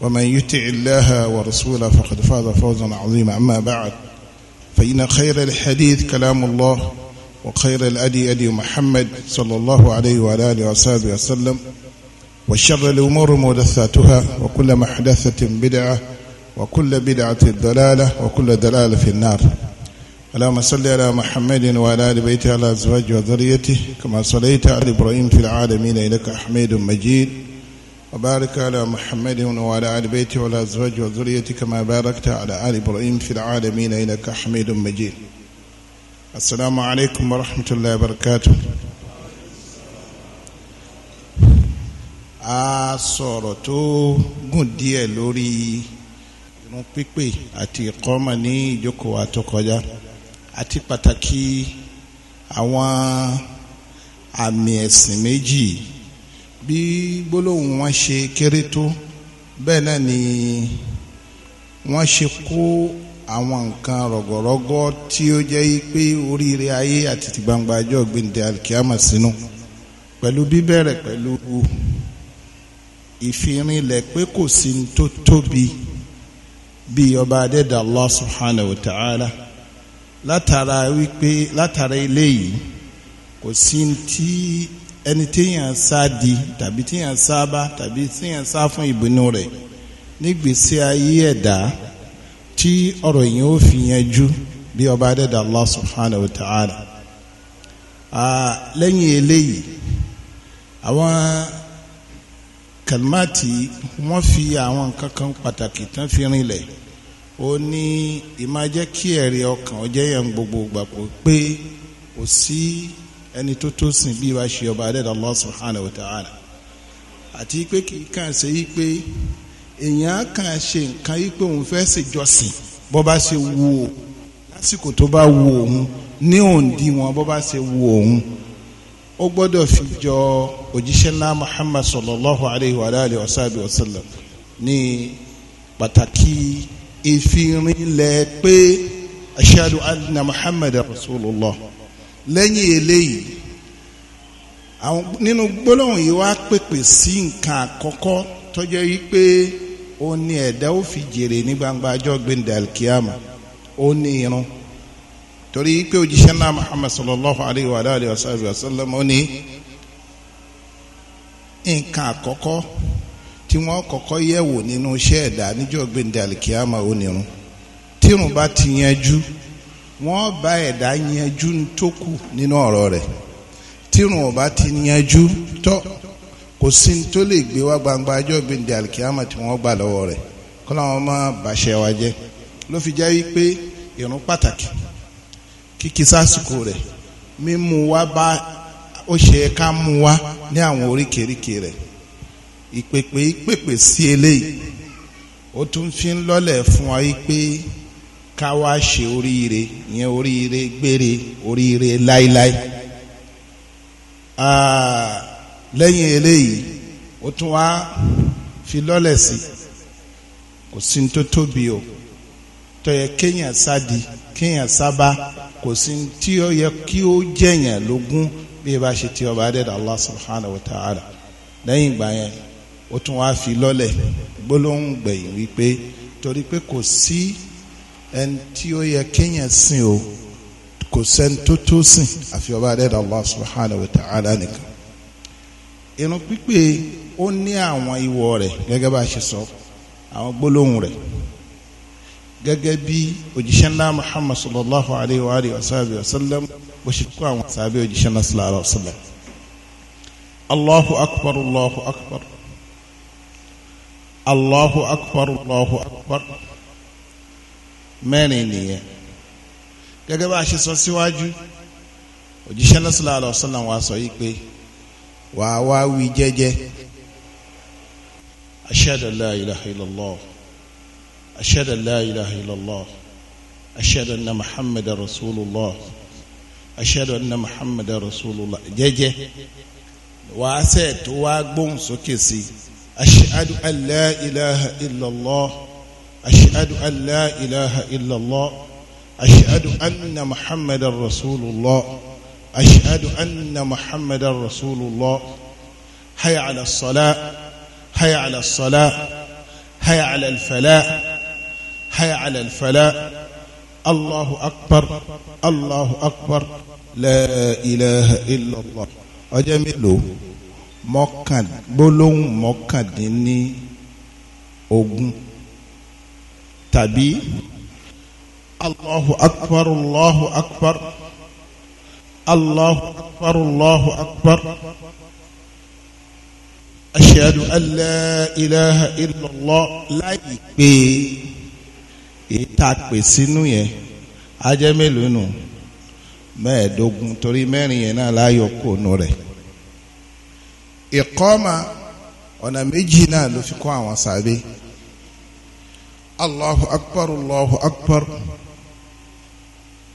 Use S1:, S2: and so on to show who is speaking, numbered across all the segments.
S1: ومن يطع الله ورسوله فقد فاز فوزا عظيما أما بعد فإن خير الحديث كلام الله وخير الأدي أدي محمد صلى الله عليه وعلى آله وصحبه وسلم وشر الأمور محدثاتها وكل محدثة بدعة وكل بدعة ضلالة وكل دلالة في النار اللهم صل على محمد وعلى ال بيته على ازواجه وذريته كما صليت على ابراهيم في العالمين انك حميد مجيد وبارك على محمد وعلى آل بيته وعلى أزواجه وذريته كما باركت على آل إبراهيم في العالمين إنك حميد مجيد السلام عليكم ورحمة الله وبركاته a sọ̀rọ̀ tó gùn díẹ̀ lórí irun pípè àti ìkọ́mọ̀ ní ìjókòó àtọkọjá àti pàtàkì àwọn àmì ẹ̀sìn méjì bí gbólóhùn wọn ṣe kéré tó bẹ́ẹ̀ náà ni wọ́n ṣe kó àwọn nǹkan rọ̀gọ̀rọ̀gọ̀ tí ó jẹ́ pé oríire ayé àti ti gbangba ọjọ́ gbẹ̀ǹdẹ̀ alikiyama sínú pẹ̀lú bíbẹ̀rẹ̀ pẹ̀lú ìfirinlẹ̀ pé kò sí tó tóbi bí ọba adẹ́dà Allah subhanahu wa ta'ala látara wípé látara eléyìí kò sí tí ẹni téèyàn sá di tàbí téèyàn sá bá tàbí téèyàn sá fún ìbínú rẹ̀ nígbèsí ayé ẹ̀dá tí ọ̀rọ̀ yẹn ó fi yanjú bí ọba adẹ́dà Allah subhanahu wa ta'ala lẹ́yìn eléyìí àwọn kalmati wọ́n fi àwọn nǹkan kan pàtàkì tán fi rinlẹ̀ ó ní ìmájẹ́ kí ẹ̀rí ọkàn ó jẹ́ yẹn gbogbo gbàgbọ́ pé kò sí ẹni tó tó sìn bí wàá ṣe ọba adẹ́dàá Allah subhanahu wa ta'ala àti pé kì í kàn ṣe yí pé èèyàn kàn ṣe nǹkan yí pé òun fẹ́ ṣèjọsìn bó bá ṣe wù ó lásìkò tó bá wù òun ní òǹdí wọn bó bá ṣe wù òun ó gbọ́dọ̀ fi jọ òjíṣẹ́ ńlá Muhammad sallallahu alayhi wa alayhi wa sallam wa ní pàtàkì ìfirinlẹ̀ pé ashadu anna Muhammad rasulullah. lẹ́yìn eléyìí àwọn nínú gbólóhùn yìí wá pèpè sí nǹkan àkọ́kọ́ tó jẹ́ wípé ó ní ẹ̀dá ó fi jèrè ní gbangba ajọ́ gbẹ̀ndẹ̀ irun torí pé òjíṣẹ́ náà sallallahu alayhi wa alayhi wa sallam ó ni nǹkan àkọ́kọ́ tí wọ́n kọ́kọ́ yẹ̀wò nínú iṣẹ́ ẹ̀dá níjọ́ gbẹ̀ndẹ̀ alkiyama ó ní irun tírun bá wọn bá ẹ̀dá yanjú tó kù nínú ọ̀rọ̀ rẹ̀ tírun ọba ti yanjú tọ kò sí ní tó lè gbé wá gbangba ajọ́ gbèǹde alikiyama tí wọ́n gbà rẹ̀ kọ́ làwọn má bàṣẹ wa jẹ ló fi jẹ́ wa bá ó ṣe ká wa ní àwọn oríkèéríkèé ìpèpè ìpèpè sí eléyìí ó tún fi ń fún wípé. ká wá ṣe oríire ìyẹn oríire gbére oríire láíláí lẹ́yìn eléyìí ó tún wá fi lọ́lẹ̀ sí kò sí tó tóbi o tó yẹ kéèyàn sádi kéèyàn sábà kò sí tí ó yẹ kí ó jẹ̀yàn lógún bí ẹ bá ṣe ti ọba adẹ́dàá Allah subhanahu wa ta'ala lẹ́yìn ìgbà yẹn ó tún wá fi lọ́lẹ̀ gbólóhùn gbẹ̀yìn wípé torí pé kò sí. Si, ẹni tí ó yẹ kéèyàn sìn o kò sẹ́ni tó tó sìn àfi ọba adẹ́dà Allah subhanahu wa ta'ala nìkan irun pípé ó ní àwọn ìwọ rẹ̀ gẹ́gẹ́ bá a ṣe sọ àwọn gbólóhùn rẹ̀ gẹ́gẹ́ bí òjíṣẹ́ ńlá Muhammad sallallahu alayhi wa alihi wa sahbihi wa sallam bó ṣe kó àwọn sábẹ́ òjíṣẹ́ ńlá sallallahu alayhi wa sallam Allahu akbar Allahu akbar Allahu akbar Allahu akbar. Allahu akbar mẹ́rin nìyẹn gẹ́gẹ́ bá a ṣe sọ síwájú òjíṣẹ́ lọ́sọ̀lá àlọ́sọ̀lá wa sọ yìí pé wàá wá wí jẹ́jẹ́ ashhadu an la ilaha illallah ashhadu an la ilaha illallah ashhadu anna muhammadar rasulullah ashhadu anna muhammadar rasulullah jẹ́jẹ́ sẹ́ẹ̀ tó wá gbóhùn sókè sí ashhadu an أشهد أن لا إله إلا الله أشهد أن محمد رسول الله أشهد أن محمد رسول الله هيا على الصلاة هيا على الصلاة هيا على الفلاء هيا على الفلاء الله أكبر الله أكبر لا إله إلا الله أجمل مكان بلون مكان ديني ogun tàbí allahu akbar allahu akbar allahu akbar allahu akbar ashadu an la ilaha illallah láì pé ìta pè sínú yẹn ajẹ́ mélòó nù mẹ́ẹ̀ẹ́dógún torí mẹ́rin yẹn náà láyọ̀ kó nù rẹ̀ ìkọ́mà ọ̀nà méjì náà ló fi kọ́ àwọn sàbẹ̀ Allahu akbar Allahu akbar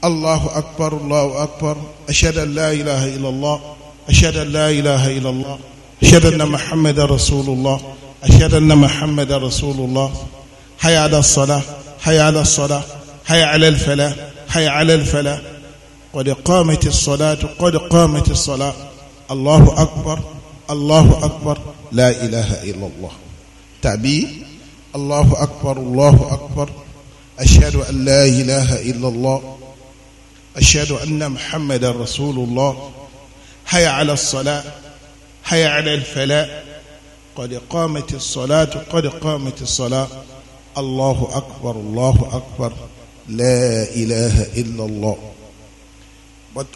S1: Allahu akbar Allahu akbar ashhadu an la ilaha illallah ashhadu an la ilaha illallah ashhadu anna muhammadar rasulullah ashhadu anna muhammadar rasulullah hayya ala salah hayya ala salah hayya ala al falah hayya ala al falah qad qamat as salat qad qamat as salah Allahu akbar Allahu akbar la ilaha illallah tàbí الله أكبر الله أكبر أشهد أن لا إله إلا الله أشهد أن محمدا رسول الله هيا على الصلاة هيا على الفلاء قد قامت الصلاة قد قامت الصلاة الله أكبر الله أكبر لا إله إلا الله but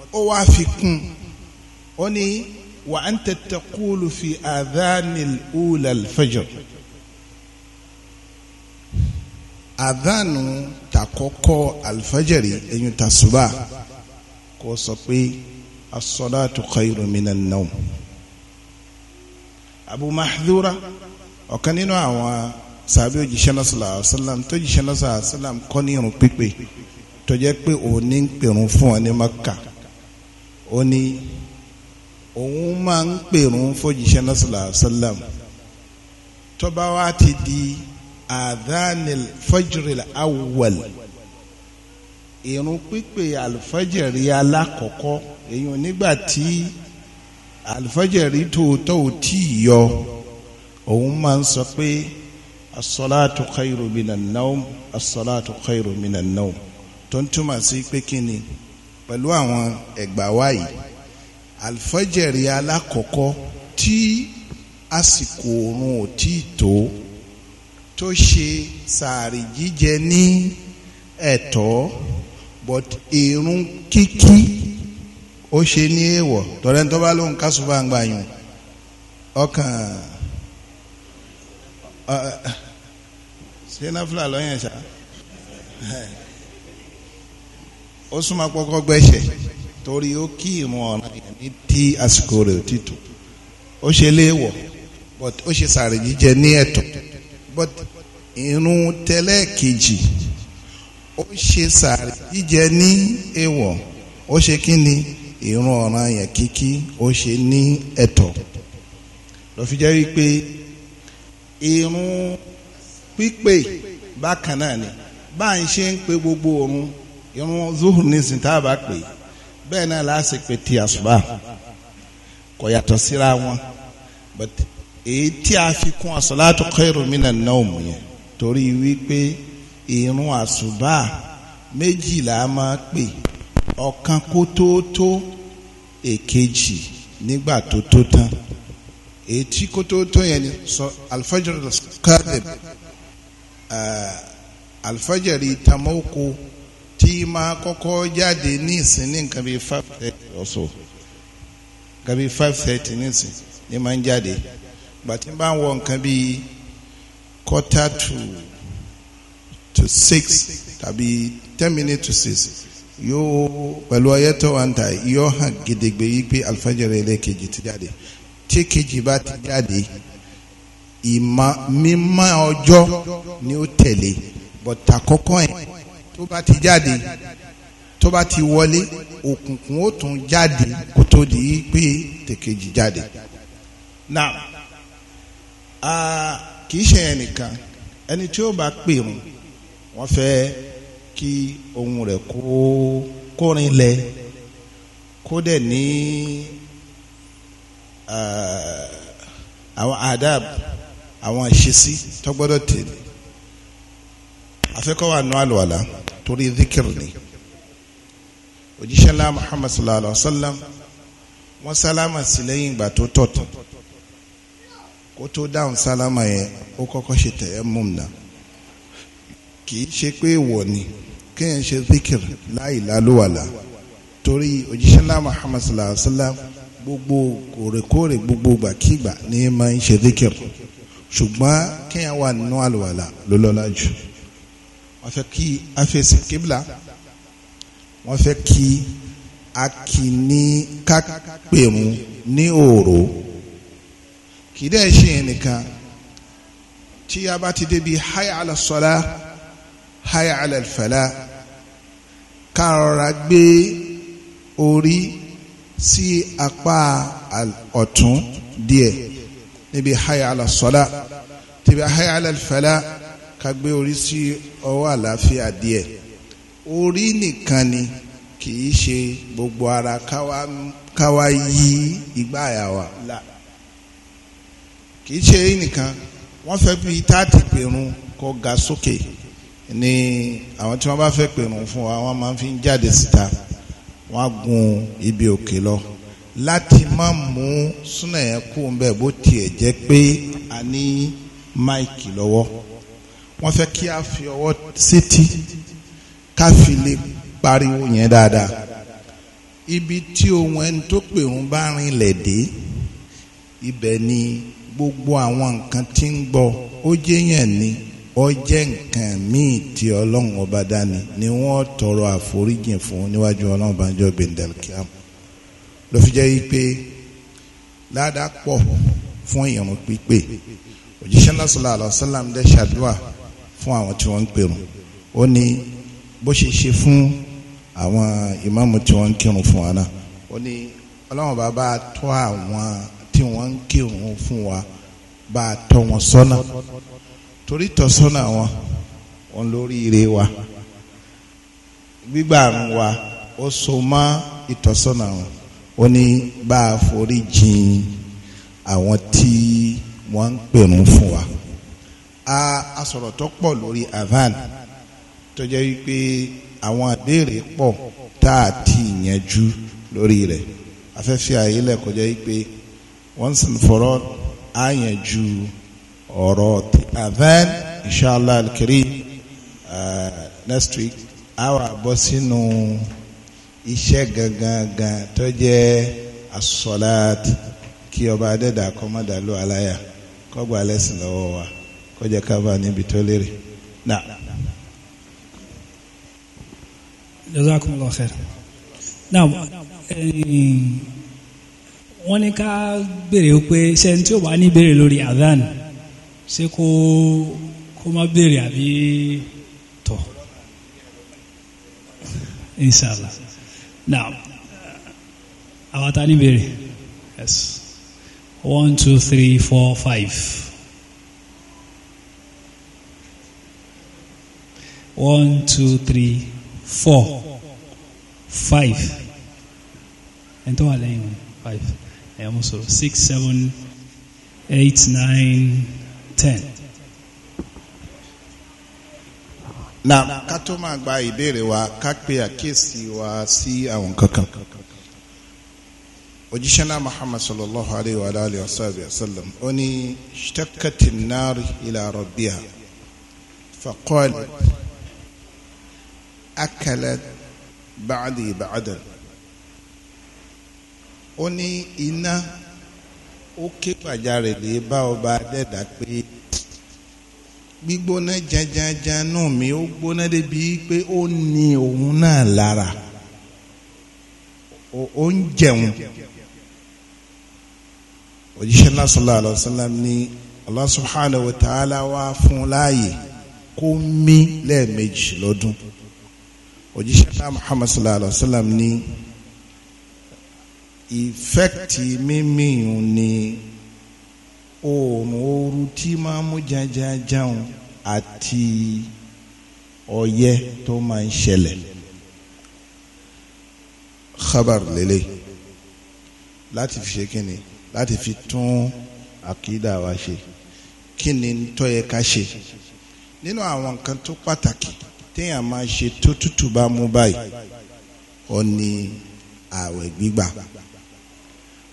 S1: أني وأنت تقول في آذان الأولى الفجر àdánù tàkọ́kọ́ alifajari ẹ̀yìn tasuba kò sọ pé asọ́láàtú khairu minan naum abu mahdura ọ̀kan nínú àwọn sàbí òjíṣẹ́ náà sallallahu alaihi wasallam tó jíṣẹ́ náà sallallahu alaihi wasallam kọ́ ní irun pípé tó jẹ́ pé òun ní ń pèrún fún wọn ní maka ó ní òun máa ń pèrún fòjíṣẹ́ náà sallallahu alaihi tó bá wá ti di adhanil fajril awwal ìrun pípé alfajri alákọ̀ọ́kọ́ èyàn nígbà tí alfajri tòótọ́ ò tí ì yọ òun máa ń sọ pé asọ́láàtú khairu minan naum asọ́láàtú khairu minan naum tó ń túmọ̀ sí pé kí ni pẹ̀lú àwọn ẹ̀gbà wáyìí alfajri alákọ̀ọ́kọ́ tí àsìkò oorun ò tí ì tó tó ṣe sàárì jíjẹ ní ẹ̀tọ́ but irun kíkí ó ṣe ní èèwọ̀ tọ́lẹ́ tó bá lóun kásù bá ń gbà yùn ọkàn ṣé náfìlà lọ́yàn ṣá ó súnmọ́ pọ́kọ́ gbẹ́sẹ̀ torí ó kí ìmọ̀ ọ̀ràn ní tí àsìkò rẹ̀ ò ti tò ó ṣe léèwọ̀ but ó ṣe sàárì jíjẹ ní ẹ̀tọ́ but irun tẹ́lẹ̀ kejì ó ṣe sàárì jíjẹ ní èèwọ̀ ó ṣe kí ni irun ọ̀ràn yẹn kíkí ó ṣe ní ẹ̀tọ́ lọ́fi jẹ́ wípé irun pípé bákan náà ni bá ń ṣe ń pe gbogbo òrun irun zuhur nísìnyí tá a bá pè bẹ́ẹ̀ náà láti pe ti àṣùbà kò yàtọ̀ síra wọn but èyí tí a fi kún as-salatu khairu minan nawm yẹn torí wípé ìrun àsùbá méjìlá máa pè ọ̀kan kó tó tó èkejì nígbà tó tó tán ètí kó tó tó yẹn ni sọ alfajr kadib alfajr tamoko tí máa kọ́kọ́ jáde ní ìsinmi nǹkan bíi five thirty ọ̀sọ̀ nǹkan bíi five thirty ní ìsinmi ní máa ń jáde gbàtí bá ń wọ nǹkan bíi quarter to to six tàbí ten minutes to six yóò pẹ̀lú ọyẹ́ tó wà ń ta yóò hàn gedegbe yìí pé alifájẹrẹ ẹlẹ́kejì ti jáde tí kejì bá ti jáde ìmọ̀ mímọ́ ọjọ́ ni ó tẹ̀lé bọ̀tà kọ́kọ́ yẹn tó bá ti jáde tó bá ti wọlé òkùnkùn ó tún jáde kó tó di pé tèkejì jáde. now. Uh, kì í ṣe ẹnìkan ẹni tí ó bá pè wọn wọn fẹ́ kí ohun rẹ̀ kó kórin lẹ kó dẹ̀ ní eh, àwọn adab àwọn ìṣesí tó gbọ́dọ̀ tẹ̀lé afẹ́kọ́ wa nù àlùwàlà torí zikiri ni òjíṣẹ́ ńlá Muhammad sallallahu alaihi wa sallam wọ́n sálámà sí lẹ́yìn ìgbà tó tọ̀tàn kó tó dáhùn sálámà yẹn ó kọ́kọ́ ṣe tayammum náà kì í ṣe pé wọ̀ ni kéèyàn ṣe zikir láì lálùwàlà torí òjíṣẹ́ náà Muhammad sallallahu alayhi wa sallam gbogbo kòrèkòrè gbogbo gbàkígbà ní máa ń ṣe zikir ṣùgbọ́n kéèyàn wà nínú àlùwàlà ló lọ́lá jù wọ́n fẹ́ kí afẹ́sì kébìlà wọ́n fẹ́ kí a kì í ní ká pè mú ní òòró kì í dẹ́ ṣe yẹn nìkan tí a bá ti débi haya ala sọlá haya ala fẹlá ká rọra gbé orí sí apá ọ̀tún díẹ̀ níbi haya ala sọlá tìbí haya ala fẹlá ká gbé orí sí ọwọ́ àlàáfíà díẹ̀ orí nìkan ni kì í ṣe gbogbo ara ká wá yí igbá àyà wa kì í ṣe nìkan wọ́n fẹ́ bí táàtì pèrún kọ́ ga sókè ní àwọn tí wọ́n bá fẹ́ pèrún fún wa wọ́n máa fi ń jáde síta wọ́n á gun ibi òkè lọ láti má mú súnà yẹn kú ń bẹ̀ bó tiẹ̀ jẹ́ pé a ní máìkì lọ́wọ́ wọ́n fẹ́ kí a fi ọwọ́ sétí ká fi lè pariwo yẹn dáadáa ibi tí ohun ẹni tó pèrún bá rinlẹ̀ dé ibẹ̀ ni gbogbo àwọn nǹkan tí ń gbọ́ ó jẹ́ yẹn ni ó jẹ́ nǹkan míì tí ọlọ́run ọba dání ni wọ́n tọrọ àforíjìn fún níwájú ọlọ́run ọba jọ gbẹ̀ndẹ̀lkíam ló fi jẹ́ yí pé ládàá pọ̀ fún ìrun pípé òjíṣẹ́ náà sallallahu alaihi wasallam dẹ́ ṣàdúrà fún àwọn tí wọ́n ń pèrún ó ní bó ṣe ṣe fún àwọn ìmáàmù tí wọ́n ń kírun fún wa náà ó ní ọlọ́run bá bá tọ́ àwọn tí wọ́n ń kírun fún wa bá a tọ́ wọn sọ́nà torí tọ́sọ́nà wọn wọn lórí wa gbígbà àrùn wa ó so mọ́ ìtọ́sọ́nà wọn ó ní bá a forí jìn àwọn tí wọ́n ń pèrún fún wa a asọ̀rọ̀ tó pọ̀ lórí avan tó jẹ́ wípé àwọn àbéèrè pọ̀ tá a ti yanjú lórí rẹ̀ afẹ́fẹ́ àyílẹ̀ kọjá wípé once and for all á yẹn ju ọ̀rọ̀ avan inshallah alkiri uh, next week á wà bọ́ sínú iṣẹ́ gangan gan tó jẹ́ asọ́láàt kí ọba adẹ́dà kọ́mọ́dàlú aláyà kọ́gbà lẹ́sìn lọ́wọ́ wa kọjá kábà níbi tó lérè náà.
S2: jazakumullahu khair. naam
S3: wọ́n ní ká béèrè pé ṣe tí ó wà ní béèrè lórí adhan ṣé kó
S2: kó má béèrè àbí tọ̀ inshallah now àwọn ta ní béèrè
S3: yes one two three four five one two three four five And tó wà five ẹ̀yà mo sọ̀rọ̀ six seven eight nine ten. na
S1: ká tó máa gba ìbéèrè wa ká pe àkíyèsí wa sí àwọn kankan òjíṣẹ́ náà muhammad sallallahu alayhi wa alayhi wa sallam ó ní nari ila rabbiha faqal akalat ba'di ba'dan ó ní iná ó ké pàjáre lè bá ọba adẹ́dà pé gbígbóná jajaja náà mi ó gbóná débi pé ó ní òun náà lára ó ń jẹun òjíṣẹ́ náà sallallahu alaihi wasallam ní Allah subhanahu wa ta'ala wá fún láàyè kó mí lẹ́ẹ̀mejì lọ́dún òjíṣẹ́ náà Muhammad alaihi wasallam ní ìfẹ́kìtì mímì ni oòrùn ooru tí máa mú jajajáun àti ọyẹ́ tó máa ń ṣẹlẹ̀ khabar lélẹ̀ láti fi ṣe kíni láti fi tún àkídà wa ṣe kíni tó yẹ ká ṣe nínú àwọn nǹkan tó pàtàkì téèyàn máa ṣe tó tútù bá mú báyìí ó ní ààwẹ̀ gbígbà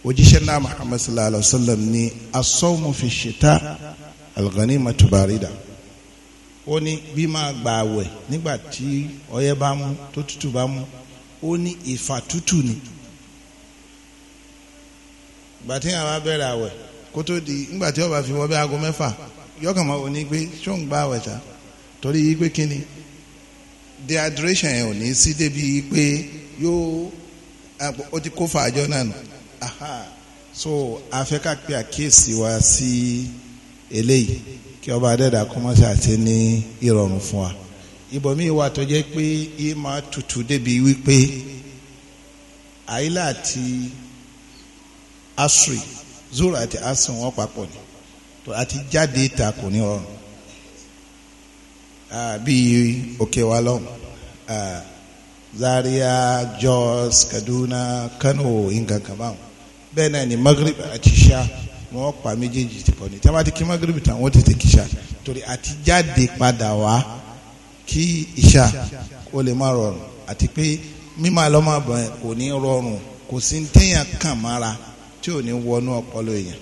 S1: òjíṣẹ́ náà muhammad sallallahu alayhi wa sallam ní asọ́mu fi ṣètà alghanima tubarida ó ní bí máa gbà àwẹ̀ nígbà tí ọyẹ́ bá mú tó tútù bá mú ó ní ìfà tútù ni ìgbà tí àwọn àwẹ̀ kó tó di nígbà tí fi wọ́ bí aago mẹ́fà yọkàn máa wò ní pé ṣó ń gbà àwẹ̀ ta torí yí pé kíni dehydration yẹn ò ní sí débi pé yóò ó ti kó fàájọ náà nù aha so afẹ́ká pé àkíyèsí wa sí eléyìí kí ọba adẹ́dà kọ́mọ́sí àti ní ìrọ̀rùn fún wa ìbọ̀mí wa tó jẹ́ pé yìí máa tutù débi wípé àyílà àti asri zoro àti asri wọn papọ̀ ni tó àti jáde ìta kò ní rọrùn bíi òkè wa lọ́hùn Zaria Jos Kaduna Kano nǹkan kan báwọn bẹ́ẹ̀ náà ni magrib àti ṣá wọ́n pa méjèèjì ti pọ̀ ní tí wọ́n bá ti kí magrib tán wọ́n tètè kí ṣá torí àti jáde padà wá kí ìṣá ó lè má rọrùn àti pé mímọ àlọ́mọ àbọ̀ kò ní rọrùn kò sí téèyàn kàn mára tí ò ní wọnú ọpọlọ èèyàn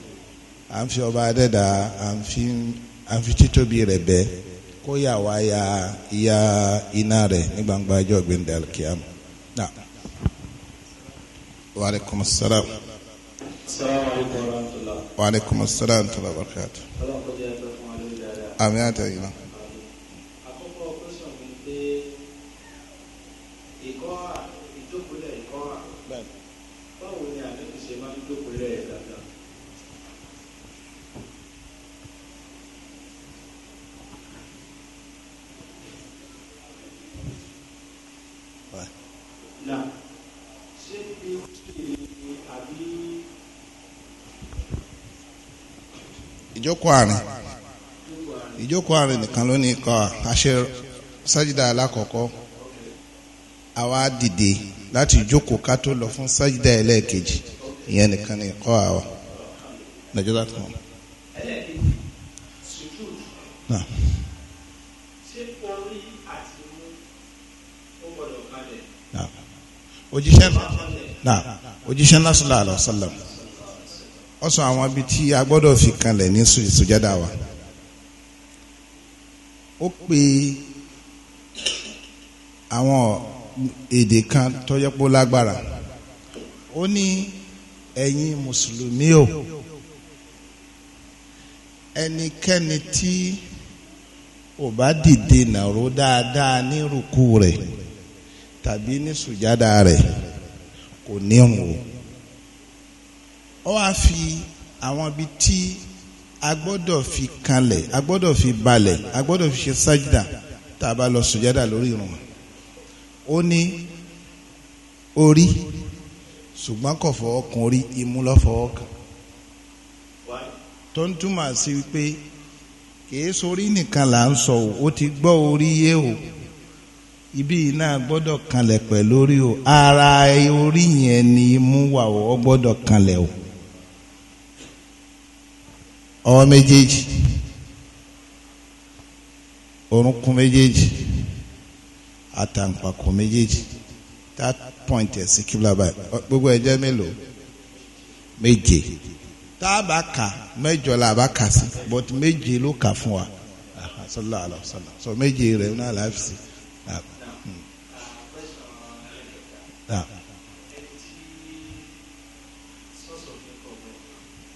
S1: à ń fi ọba adẹ́dà à ń fi títóbi rẹ̀ bẹ́ẹ̀ kó yà wá ya ya iná rẹ̀ ní gbangba ọjọ́ gbẹ̀ndẹ̀ alkiyama. Wa alaikum
S3: السلام عليكم ورحمة الله وعليكم السلام
S1: ورحمة الله وبركاته No. ìjókòó àárín ìjókòó àárín nìkan ló ní ikọ̀ àṣẹ sájídà alákọ̀ọ́kọ́ àwa dìde láti ìjókòó ká tó lọ fún sájídà ẹlẹ́ẹ̀kejì ìyẹn nìkan ní ikọ̀ àwa
S4: nàìjíríà tó wọn.
S3: òjíṣẹ́ náà òjíṣẹ́ náà sallallahu
S1: alaihi ó sọ àwọn ibi tí a gbọ́dọ̀ fi kanlẹ̀ ní sùjádà wa ó pe àwọn èdè kan tó yẹ lágbára ó ní ẹ̀yin mùsùlùmí o ẹnikẹ́ni tí ò bá dìde nàró dáadáa ní rúkú rẹ̀ tàbí ní sùjádà rẹ̀ kò ní òun o ó wá fi àwọn ibi tí a gbọ́dọ̀ fi kanlẹ̀ a gbọ́dọ̀ fi balẹ̀ a gbọ́dọ̀ fi ṣe sájìdà tá a bá lọ sùjádà lórí irun ó ní orí ṣùgbọ́n kò fọwọ́ kan orí imú ló fọwọ́ kan tó ń túmọ̀ sí wípé kìí sórí nìkan là ń sọ o ó ti gbọ́ orí yé o ibi náà gbọ́dọ̀ kanlẹ̀ pẹ̀lú orí o ara orí yẹn ni imú wà o ó gbọ́dọ̀ kanlẹ̀ o ọwọ́ méjèèjì orúnkún méjèèjì àtàǹpàkò méjèèjì that point ẹ̀ sí kíbla báyìí gbogbo ẹ̀ jẹ́ mélòó méje tá a bá kà mẹ́jọ la bá kà sí but méje ló kà fún wa sallallahu alaihi wasallam so méje rẹ̀ náà láfi sí. Ah, hmm. ah.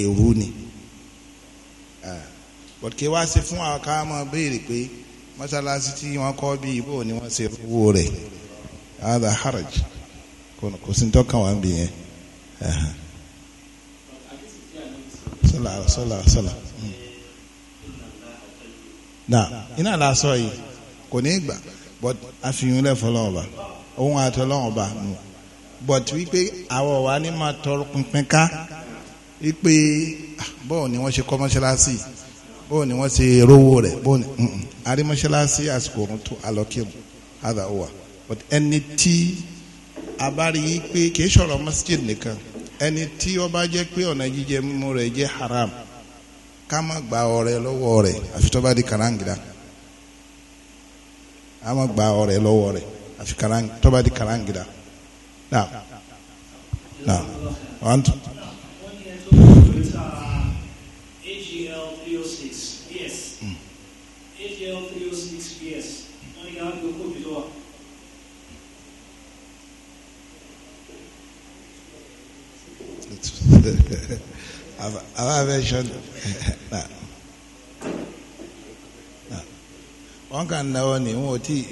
S1: èrú ni eh, bọ̀dùkẹ́ wá sí fún àwọn máa béèrè pé tí wọ́n kọ́ ibò ni wọ́n ṣe rẹ̀ ada haraj kò sí na eh. hmm. iná yìí kò ní gbà but àfihàn ohun but wípé àwọ̀ ni máa pinpin ká. ipe ah, bọ́ọ̀ ni wọ́n ṣe kọ́ mọ́ṣáláṣí bọ́ọ̀ ni wọ́n ṣe rówó rẹ̀ bọ́ọ̀ ni àrí mọ́ṣáláṣí àsìkò òrùn tó alọ́kìmù àdà òwà but ẹni tí a bá rí i pé kì í ṣọ̀rọ̀ masjid nìkan ẹni tí ó bá jẹ́ pé ọ̀nà jíjẹ mímu rẹ̀ jẹ́ haram ká má gba ọrẹ lọ́wọ́ rẹ̀ àfi tó bá di karangida ká má gba ọrẹ lọ́wọ́ rẹ̀ àfi tó bá di karangida now now one two. AGL306PS. AGL306PS. Hum. Tá ligado do computador. Aversion. wọ́n kàn náwó ni wọn ò tí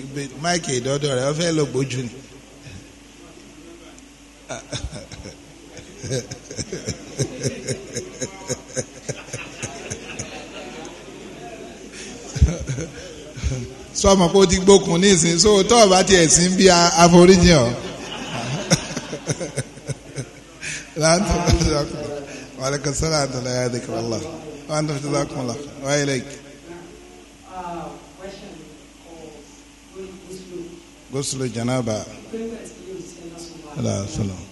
S1: máìkì ìdọ́dọ̀ rẹ̀ wọ́n fẹ́ lọ gbójú ni. sọmọ pé ó ti gbókun nísìnyí so tó o bá tiẹ̀ sí bí àforíjìn ọ. وعليكم السلام ورحمة الله ذكر الله وأنتم جزاكم الله وإليك غسل جنابة
S3: لا سلام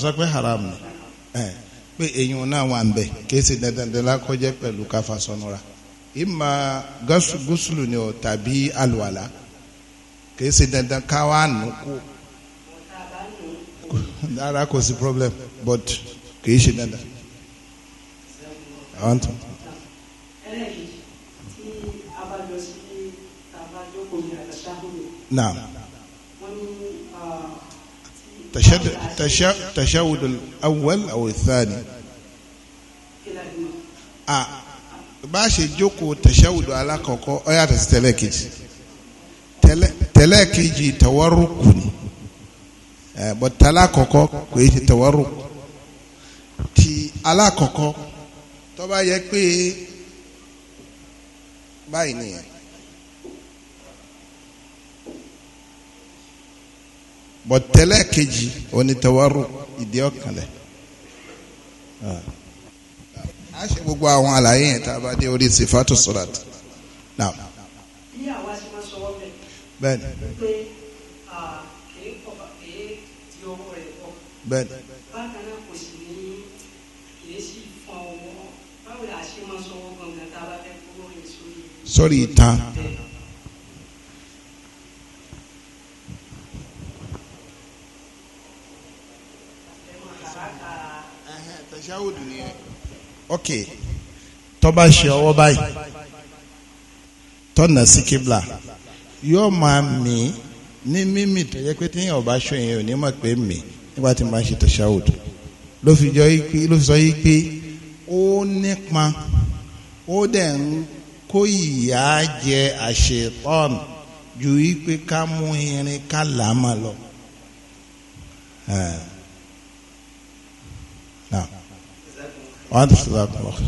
S1: sọ pé haram ni pé eyín náà wà ń bẹ kìí ṣe dandandan lákọjẹ pẹ̀lú káfàsọ́nura ìmà gúúsùlù ni ọ tàbí àlùwàlà kìí ṣe dandan káwá nù kú rárá kò sí problem but kìí ṣe dandan. àwọn tashawud awwal aw thani a bá ṣe jókòó tashawud alákọ̀ọ́kọ́ ó yàtọ̀ sí tẹlẹ́kejì tẹlẹ́kejì tawarruku ni but talakọ̀ọ́kọ́ kò yẹ ṣe tawarruku ti alákọ̀ọ́kọ́ tó bá yẹ pé báyìí nìyẹn. bọ̀tẹ́lẹ̀ kejì onítẹ̀wárò ìdí ọ̀kànlẹ̀ ah. a ṣe gbogbo àwọn àlàyé yẹn tá a bá dé orí sifatu salat náà. àwa ṣe máa sọ wọ́n bẹ́ẹ̀. bẹ́ẹ̀ ni. bẹ́ẹ̀ ni. bákan náà kò sì ní kìí sì fọ ọwọ́ báwo la ṣe máa sọ wọ́n gangan tá a bá fẹ́ kúrò ní sórí. sórí ìtàn. bẹ́ẹ̀ ni. ok tó bá ṣe ọwọ́ báyìí tọ́nà sí kíbla yóò máa mì í ní mímì tó jẹ́ pé téèyàn ò bá ṣọ yẹn ò ní mọ̀ pé mì nígbà tí màá ṣe tàṣàhùdù ló fi jọ yí pé ló fi sọ yí pé ó nípa ó dẹ̀ ń kó ìyà jẹ àṣetọ́nù ju yí pé ká mú irin ká làá mà lọ.
S4: Uh. wọ́n ti sọ̀rọ̀ àkùnrin ọ̀kan.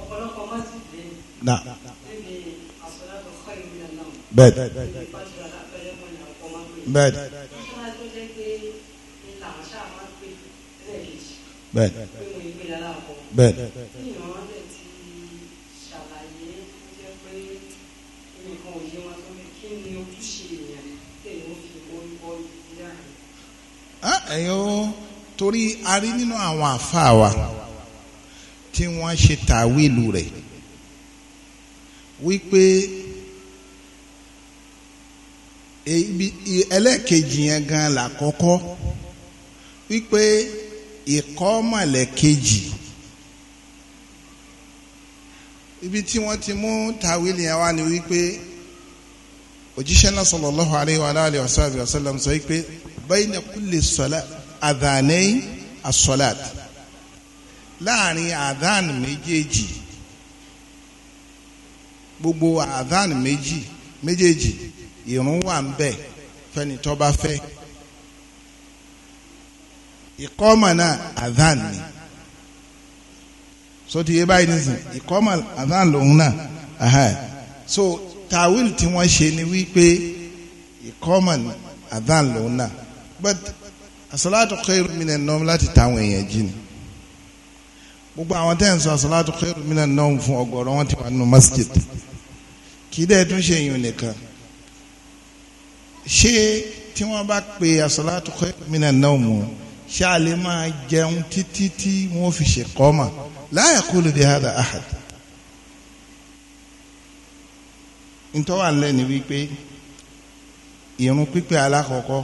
S4: ọ̀pọ̀lọpọ̀ máa ti dé.
S1: na bẹ́ẹ̀ bẹ́ẹ̀ bẹ́ẹ̀ bẹ́ẹ̀ ẹ̀yin o torí a rí nínú àwọn àfáà wa tí wọ́n ṣe tàwílù rẹ̀ wípé ẹlẹ́ẹ̀kejì yẹn gan la kọ́kọ́ wípé ìkọ́mọ̀lẹ́kejì ibi tí wọ́n ti mú tàwílì yẹn wá ni wípé òjíṣẹ́ náà sallallahu alaihi wa alihi wasallam sọ wípé bayna kulli salat adhanay as-salat láàrin adhan méjèèjì gbogbo adhan méjì méjèèjì ìrun wà ń bẹ fẹ́ni tó bá fẹ́ ìkọ́mà náà adhan ni so ti yé báyìí nísìn ìkọ́mà adhan lòun náà so tawil tí wọ́n ṣe ni wípé ìkọ́mà adhan lòun náà but asalaatu khairu minan nom láti táwọn èèyàn jí ni gbogbo àwọn tẹ́ ń sọ asalaatu khairu minan nom fún ọgọ́rọ̀ wọn ti wà nínú masjid kì í dẹ́ tún ṣe èèyàn nìkan ṣé tí wọ́n bá pe asalaatu khairu minan nom ṣé a lè máa jẹun títí tí fi ṣe kọ́ la yaqulu bi hada ahad ntọ́wà ńlẹ̀ ni wípé ìrun pípé alákọ̀ọ́kọ́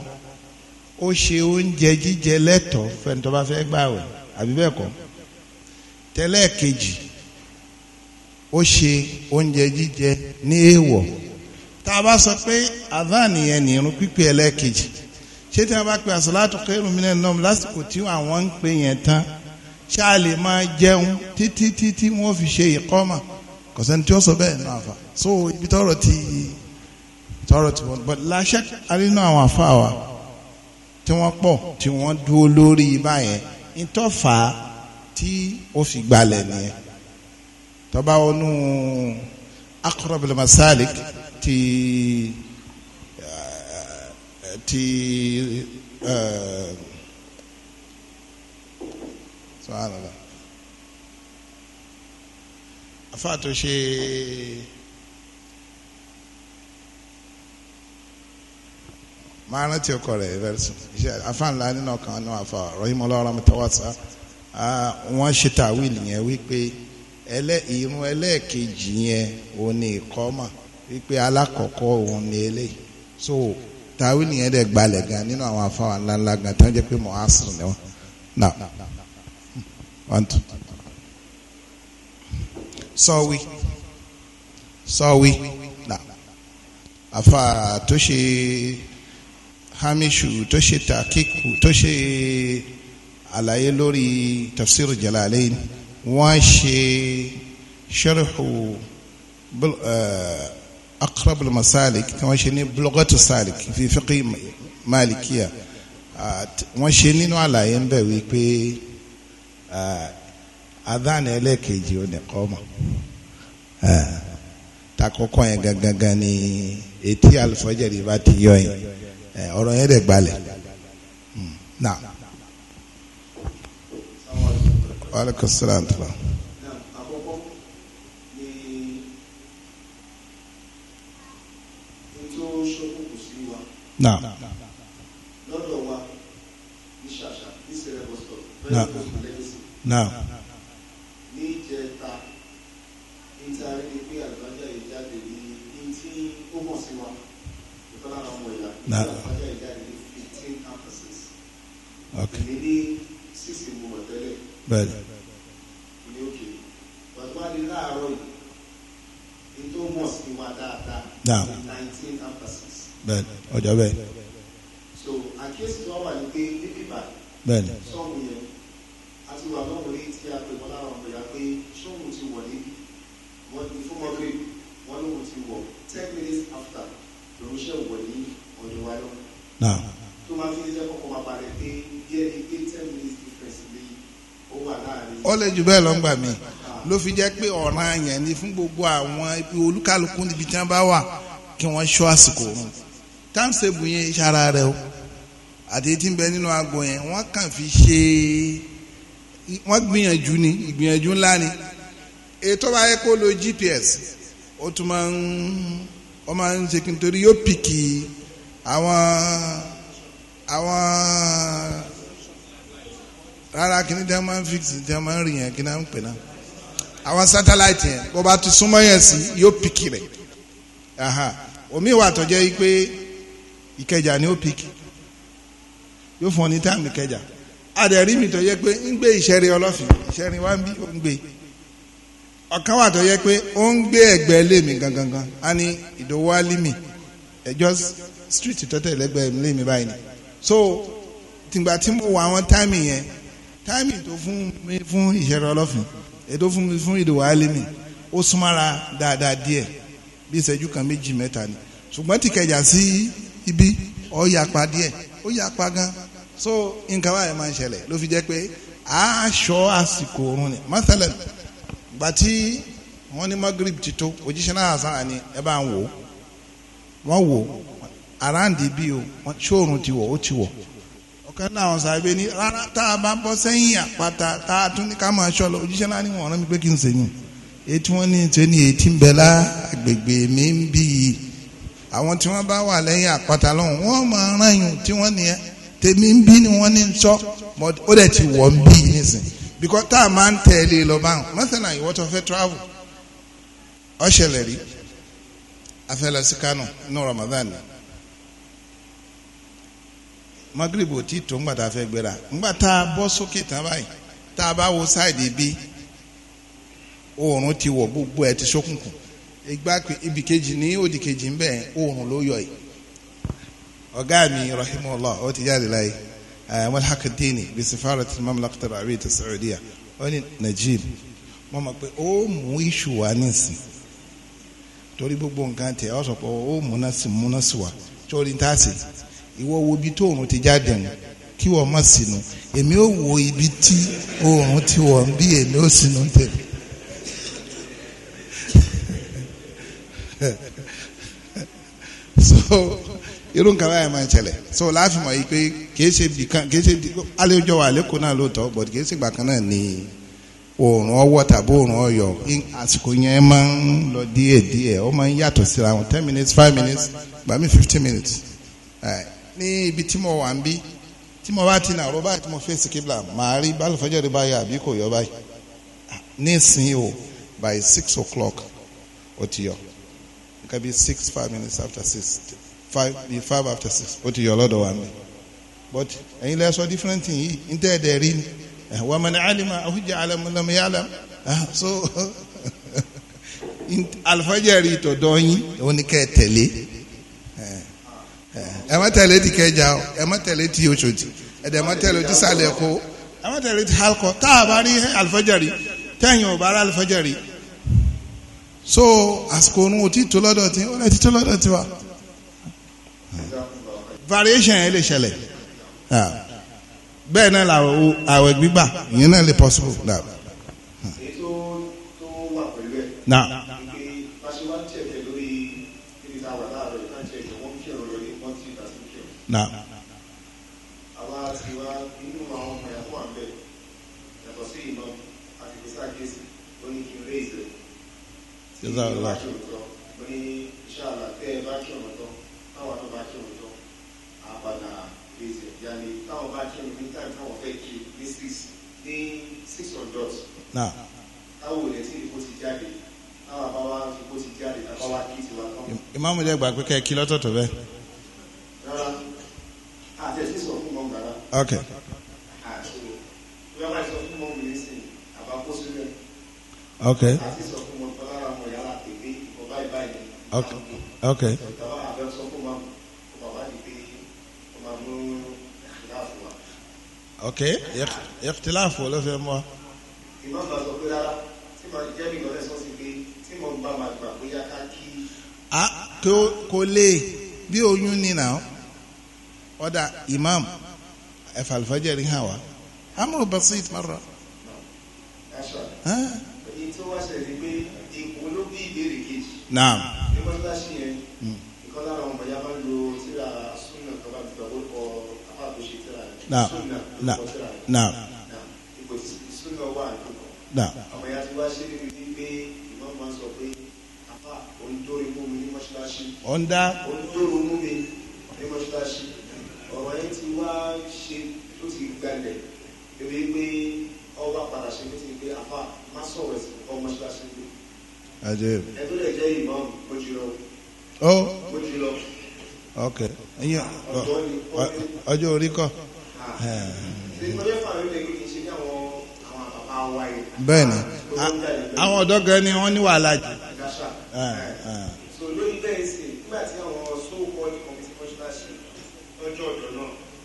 S1: ó ṣe oúnjẹ jíjẹ lẹ́tọ̀ọ́ fẹ́ni tó bá fẹ́ gbààwẹ̀ àbí bẹ́ẹ̀ kọ́ tẹ́lẹ̀ kejì ó ṣe oúnjẹ jíjẹ ní èèwọ̀ tá a bá sọ pé àdáàní yẹn ní irun pípé ẹlẹ́ẹ̀kejì ṣé tí wọ́n bá pe àsọ̀láàtò kẹrù mí náà nọ́ọ̀mù lásìkò tí àwọn ń pè yẹn tán ṣá lè máa jẹun títí títí wọ́n fi ṣe ìkọ́mà kò tí ó sọ bẹ́ẹ̀ náà fà so ibi tọrọ ti tọrọ ti wọn but láṣẹ arínú àwọn àfa wa tí wọ́n pọ̀ tí wọ́n dúró lórí báyẹn ìtọ́fà tí ó fi gbalẹ̀ nìyẹn tọ́ba onú aqrabul masalik ti eh, ti eh, subhanallah afa tó ṣe. máa rántí ọkọ rẹ̀ very soon iṣẹ́ afáǹlá nínú ọkàn nínú àfa ọ̀rọ̀yìn mọ́lọ́rọ́ mi tọ́wọ́ sá wọ́n ṣe tàwíìlì yẹn wípé irun ẹlẹ́ẹ̀kejì yẹn òun ni ìkọ́mà wípé alákọ̀ọ́kọ́ òun ni eléyìí so tàwíìlì yẹn dẹ̀ gbalẹ̀ gan nínú àwọn afáwà ńláńlá gan tó ń jẹ́ pé mọ̀ á sùn níwọ̀n
S4: now one two
S1: sọ̀wí sọ̀wí now àfa tó ṣe hamishu tó ṣe takiku tó ṣe àlàyé lórí tafsir jalalain wọ́n ṣe sharhu eh, aqrab al-masalik tí wọ́n ṣe ní bulogatu salik fi fiqi malikiya wọ́n ṣe nínú àlàyé ń bẹ̀ wípé eh, adhan ẹlẹ́ẹ̀kejì ò ní eh, kọ́ yẹn gangan ni etí alifọ́jẹ̀rì bá ti yọ yẹn ọ̀rọ̀ yẹn dẹ̀ gbalẹ̀ hmm. na. aleykum salaam tala.
S4: na. lọ́dọ̀ wa ní èmi ní sísì mo mọ̀ tẹ́lẹ̀.
S1: bẹ́ẹ̀ ni so àkíyèsí tó wà ní pé níbí báyìí. bẹ́ẹ̀ ni sọ́ọ̀mù
S3: yẹn àti wà lọ́wọ́ rí tí a pè wọ́n láwọn ọmọ ìyá pé sọ́ọ̀mù ti wọ̀ níbi wọ́n ti ten minutes after lòún ṣe wọ̀ ní ọ̀dọ̀ wa lọ tó máa fi jẹ́ kọ́kọ́ máa ni
S1: ó wà láàrin. ó lè jù bẹ́ẹ̀ lọ ń gbà mí ló fi jẹ́ pé ọ̀ràn yẹn ni fún gbogbo àwọn ibi olúkálukú níbi tí wọ́n bá wà kí wọ́n ṣọ́ àsìkò òun táǹsẹ̀bù yẹn ṣara rẹ o àti tí ń bẹ nínú agbo yẹn wọ́n kàn fi ṣe wọ́n gbìyànjú ni ìgbìyànjú ńlá ni ètò bá yẹ kó lo GPS ó tún máa ń máa ń ṣe kí n torí yóò pìkì àwọn. àwọn rárá kí ni german fix german rìn yẹn kí ni à ń pè náà àwọn satellite yẹn bó bá ti súnmọ́ yẹn sí yóò rẹ̀ omi ìwà àtọ̀jẹ́ yìí pé ìkẹjà ni ó pìkì yóò fún ọ ní táàmù ìkẹjà àdẹ̀rí mi tọ́jẹ́ pé ń gbé ìṣẹ́rin ọlọ́fìn ìṣẹ́rin wá ń bí ó ń gbé ọ̀kan wà tọ́jẹ́ pé ó ń gbé ẹ̀gbẹ́ lémi gangan a ní ìdòwò alimi ẹjọ́ street báyìí ni. so tìgbà tí mo wọ àwọn táìmì yẹn táìmì tó fún mi fún ìṣẹ̀rọ ọlọ́fin ètò fún mi fún ìdòwò alimi ó súnmọ́ra dáadáa díẹ̀ bí ìṣẹ́jú kan méjì mẹ́ta ni ṣùgbọ́n ti kẹjà sí ibi ó yapa díẹ̀ ó yapa gan so nǹkan báyìí máa ń ṣẹlẹ̀ ló fi jẹ́ pé aṣọ àsìkò oorun ni masalan gbà tí wọ́n ní magrib ti tó òjíṣẹ́ náà sàn ni ẹ bá ń wò wọ́n wò àráǹdì bí o ṣóòrùn ti wọ ó ti wọ ọ̀kan náà àwọn sàbẹ̀ ni rárá tá a bá bọ́ sẹ́yìn àpáta tá a tún ní ká máa ṣọ́ lọ òjíṣẹ́ náà ni wọ́n mi pé kí n sèyìn etí wọ́n ní tí ó ní etí ń bẹ lá agbègbè mi ń bí i àwọn tí wọ́n bá wà lẹ́yìn àpáta wọ́n máa rán yùn tí wọ́n ní tèmi lọ magrib ò tí tó ńgbà tá fẹ́ gbéra ńgbà tá a bọ́ sókè tán báyìí tá a bá wo ti wọ̀ gbogbo ẹ̀ ti ṣókùnkùn ìgbà ibi kejì ní òdì kejì ń bẹ̀ oòrùn ló yìí ọ̀gá mi rahimahullah ó ti jáde láyé eh, malhakadini bisifarat ta saudiya ó ní najib mọ̀ pé ó mú iṣu wá nísìn torí gbogbo nǹkan tẹ̀ ọ́ sọ pé ó múná sí múná sí wa ìwọ wo ibi tó òòrùn ti jáde nù kí wọ́n má sínú èmi ò wo ibi tí òòrùn ti wọ̀ ń bí èmi ò sínú tẹ̀lé. so irú nǹkan báyìí máa ń ṣẹlẹ̀ so láti mọ̀ yìí pé kìí ṣe bìkan kìí ṣe alẹ́jọ́ wa lẹ́kọ̀ọ́ náà lóòótọ́ but kìí ṣe gbàkan náà ni oòrùn ọwọ́ tàbí oòrùn ọyọ̀ àsìkò yẹn máa ń lọ díẹ̀ díẹ̀ ó máa ń yàtọ̀ síra wọn ten minutes five minutes gbàmí fifteen minutes. All right ní ibi tí mo wà ń bí tí mo bá ti nà ọ̀rọ̀ báyìí tí mo fèsì kíbla màá rí bálùfẹ́jọ́ rí báyìí àbí kò yọ báyìí nísìnyí o by six o'clock ó ti yọ nǹkan bíi six five minutes after six five bíi five after six ó ti yọ lọ́dọ̀ wa mi but ẹ̀yin lẹ́sọ̀ different thing yìí n tẹ́ ẹ̀ dẹ̀ rí ni wà mọ̀ ní alima ahujja alamulam yàlam so alfajari tọ̀dọ̀ yín oníkẹ́ tẹ̀lé ẹ má tẹ̀lé ti kẹjà o ẹ má tẹ̀lé ti oṣòdì ẹ dẹ̀ má tẹ̀lé ti sàlẹ̀ kó ẹ má tẹ̀lé ti halkọ tá a bá rí alifajari tẹ̀yìn ò bá rí alifajari so àsìkò òun ò tí tó lọ́dọ̀ tí ó lẹ́ ti tó lọ́dọ̀ tí wa variation yẹn lè ṣẹlẹ̀ bẹ́ẹ̀ náà làwọn àwẹ̀ gbígbà ìyẹn náà lè possible. Now. Now.
S3: na. àwa ti wá nínú àwọn
S1: ọmọ ẹ̀kọ́ àti ẹ̀sìn sọ fún mọ́mù rárá. ok. àti ok. ok ok. ok ìkìláàfù ló fẹ́ mọ́. ìmọ̀ bá ah, kò lè bí oyún ni náà ọ̀dà imam ẹ̀fà alifajari hàn wá amúrò basit mara. èyí
S3: tó wá ṣẹlẹ̀ pé èkó ló bí ìbéèrè kejì. naam. ní mọ́tò láṣì yẹn hmm. ìkan lára ọmọ ìyá máa ń lo tíra súnà tó bá ti gbàgbọ́ kọ apáàbò ṣe tíra súnà tó kọ tíra. naam. ipò súnà wà àdúgbò. naam. ọmọ ìyá ti wá ṣe é níbi pé ìmọ̀ máa ń sọ pé apá òun
S1: dórí mú mi ní mọ́ṣáláṣí. ọ̀ndá. òun dórí mú mi ní mọ́ṣáláṣí ọ̀rọ̀
S3: yẹn ti wá ṣe ó ti gbalẹ̀ ewé pé ọba padà ṣe ló ti pé afa má sọ̀rọ̀ ẹ̀sìn kọ́ mọ́ṣáláṣí gbé. ẹ tó lè jẹ́ ìmọ̀ ojú lọ. ó ojú lọ.
S1: ok ẹyin ọjọ́ orí kọ́. Ah. bẹ́ẹ̀ ni àwọn ọ̀dọ́ gan ni wọ́n ní wàhálà jù. so lórí bẹ́ẹ̀ sí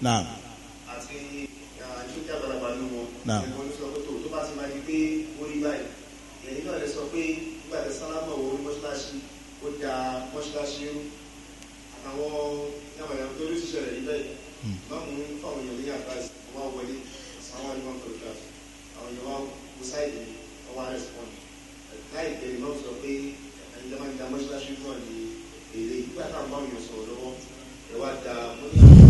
S1: naam.
S3: àti àyíká balaba ló wọn. naam. ẹ̀gbọ́n ló sọ pé tó tó bá ti máa di pé orí báyìí ẹ̀yin náà lè sọ pé nígbà tí sálámà wọ orí mọ́ṣáláṣí ó da mọ́ṣáláṣí rú àtàwọn yàrá yàrá tó ló ti ṣẹlẹ̀ yìí bẹ́ẹ̀. máa mú fáwọn èèyàn ní àbáyé wá wọlé sáwọn ìwà kọ̀ọ̀kan àwọn èèyàn wá wọ sáìdì ọwọ́ àrẹ́sìpọ̀n láì bẹ̀rẹ̀ náà sọ pé ẹ̀yin lọ́mọdé da mọ́ṣáláṣí náà ní èrè nígbà táwọn báwọn èèyàn sọ̀rọ̀ lọ́wọ́ ẹ̀ wá da mọ́ṣáláṣí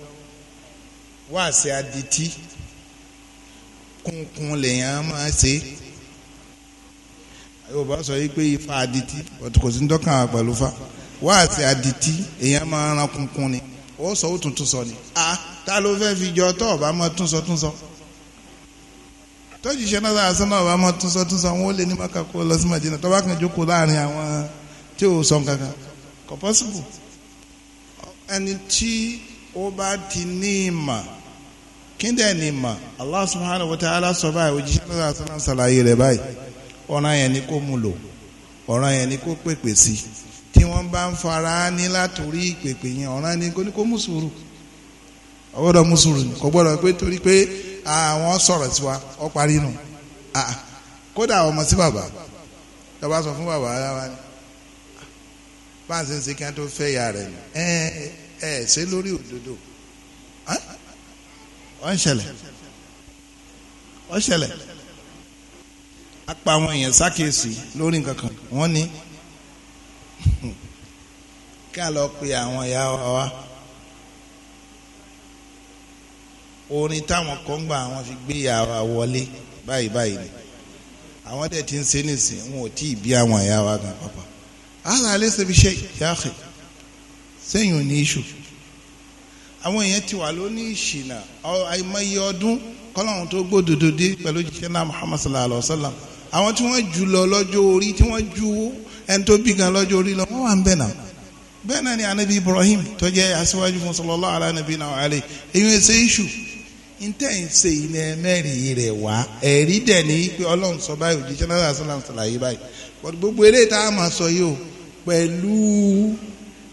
S1: wáàsí adití kúnkún lèèyàn máa ṣe yorùbá sọ yìí pé ifá adití kò sí dọ́kàn pẹ̀lú fa wáàsí adití èèyàn máa ran kúnkún ni ó sọ ó tuntun sọ ni a ta ló fẹ́ fi jọ tọ́ ọba máa tún sọ tún sọ tọ́jú iṣẹ́ náà sọ náà ọba máa tún sọ tún sọ wọn ó lè ní maka lọ sí Madina tọ́ba kan jókòó láàrin àwọn tí ò sọ kankan kò possible ẹni tí ó bá ti ní ìmọ̀ kíndẹ̀ ni mà Allah subhanahu wa ta'ala sọ báyìí òjíṣẹ́ náà sọ́nà ṣàlàyé rẹ̀ báyìí ọ̀ràn yẹn ni kó mu lò ọ̀ràn yẹn ni kó pèpè sí tí wọ́n bá ń fara ní látòrí ìpèpè yẹn ọ̀ràn ni kó ní kó mú sùúrù ọgbọ́dọ̀ mú sùúrù kò gbọ́dọ̀ pé torí pé àwọn sọ̀rọ̀ sí wa ọ parí nù kódà ọmọ sí bàbá lọ́ba sọ fún bàbá ara wa ni báńsẹ̀ ń ṣe kí wọ́n tó fẹ́ ya rẹ̀ ni ẹ ṣe lórí òdodo wọ́n ṣẹlẹ̀ wọ́n ṣẹlẹ̀ apá àwọn èèyàn sákèésì lórí nǹkan kan wọ́n ní ká lọ pe àwọn ìyá wa wá orin táwọn kọ́ngbà àwọn fi gbé ìyá wa wọlé báyìí báyìí ni àwọn dẹ̀ ti ń ṣe nìsín wọn ò tí ì bí àwọn ìyá wa gan pàpà. àlàálẹ̀ ṣe fi ṣe ìyá sẹ́yìn ò ní iṣu àwọn èèyàn ti wà lóní ìṣìnà àìmọye ọdún kọ́lọ́run tó gbódòdó dé pẹ̀lú jíṣẹ́ Muhammad sallallahu alayhi wa sallam àwọn tí wọ́n jù lọ lọ́jọ́ orí tí wọ́n ju ẹni tó bí gan lọ́jọ́ orí lọ wà ń bẹ̀ náà bẹ́ẹ̀ náà ni anabi Ibrahim tó jẹ́ aṣíwájú fún sallallahu ala nabina wa alayhi èyí ń ṣe iṣu ntẹ́ ń ṣe ilẹ̀ mẹ́rin rẹ̀ wá ẹ̀rí dẹ̀ ní pé ọlọ́run sọ báyìí òjíṣẹ́ náà alayhi wa sallam